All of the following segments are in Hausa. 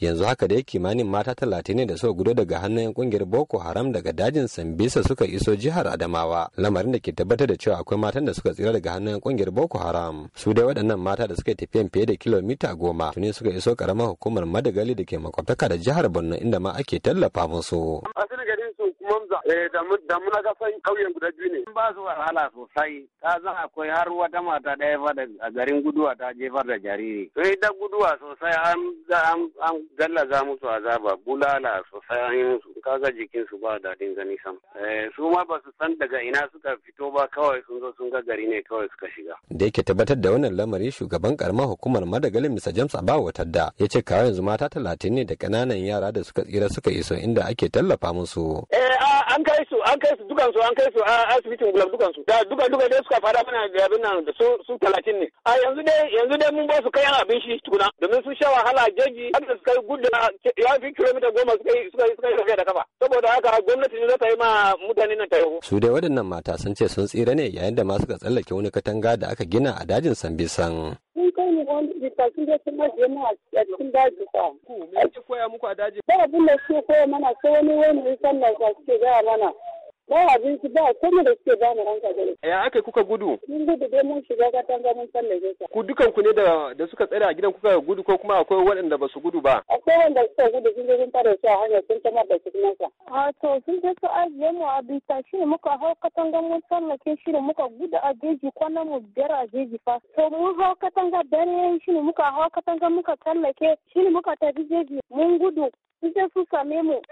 yanzu haka dai kimanin mata talatin ne da suka gudo daga hannun 'yan kungiyar boko haram daga dajin sambisa suka iso jihar adamawa lamarin da ke tabbatar da cewa akwai matan da suka tsira daga hannun kungiyar boko haram su dai waɗannan mata da suka tafiya fiye da kilomita goma tuni suka iso karamar hukumar madagali da ke makwabtaka da jihar borno inda ma ake tallafa musu garin su kuma eh, da muna san kauyen guda biyu ne. Ba su wahala sosai, ta zan akwai har wata mata ɗaya fa a garin guduwa ta jefar da jariri. Sai eh, da guduwa sosai an gallaza musu azaba, bulala sosai an yi musu, kaga jikin su ba daɗin gani sam. Eh, su ma ba su san daga ina suka fito ba kawai sun zo sun ga gari ne kawai suka shiga. Da yake tabbatar da wannan lamari shugaban karamar hukumar Madagali Mr. James Abawa Tadda ya ce kawai yanzu mata talatin ne da ƙananan yara da suka tsira suka iso inda ake tallafa musu. su. Eh an kai su an kai su dukan su an kai su a asibitin gulab dukan su da duka duka dai suka fada mana da abin nan da su su talatin ne. A yanzu dai yanzu dai mun ba su kayan abin shi tukuna domin su sha wahala jeji har da suka gudu ya fi kilomita goma suka yi suka yi suka yi da kafa saboda haka gwamnati ne za ta yi ma mutane nan taimako. Su dai waɗannan mata sun ce sun tsira ne yayin da ma suka tsallake wani katanga da aka gina a dajin Sambisan kai ni wani littafin da sun ajiye mu a cikin daji fa. Ku me koya muku a daji? Ba abin da suke koya mana sai wani wani sallah suke gaya mana. ba abinci ba kuma da suke ba mu ranka gari. Ya aka kuka gudu? Mun gudu dai mun shiga katanga mun tsallake ta. Ku dukan ku ne da da suka tsare a gidan kuka gudu ko kuma akwai waɗanda ba su gudu ba? Akwai wanda suka gudu sun je sun fara su a hanyar sun tamar da su kuma sa. A to sun je su ajiye mu a bita, shi ne muka hau katanga mun tsallake shi ne muka gudu a jeji kwana mu biyar a jeji fa. To mun hau katanga dare shi ne muka hau katanga muka tallake shi ne muka tafi jeji mun gudu. Sun je su same mu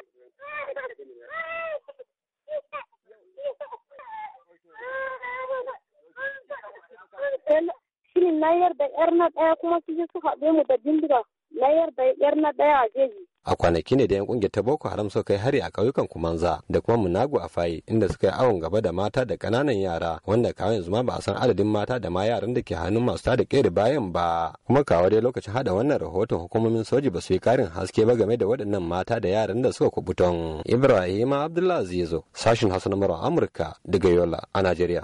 layar da yar na daya kuma su yi su haɗe mu da bindiga layar da yar na daya a jeji. A kwanaki ne da yan kungiyar ta Boko Haram suka kai hari a ƙauyukan Kumanza da kuma Munago a Fayi inda suka yi awon gaba da mata da ƙananan yara wanda kawai yanzu ma ba a san adadin mata da ma yaran da ke hannun masu tada ƙeri bayan ba. Kuma kawo dai lokacin hada wannan rahoton hukumomin soji ba su yi ƙarin haske ba game da waɗannan mata da yaran da suka kubuton. Ibrahim Abdullahi Zizo, sashin Hausa na Amurka daga Yola a Najeriya.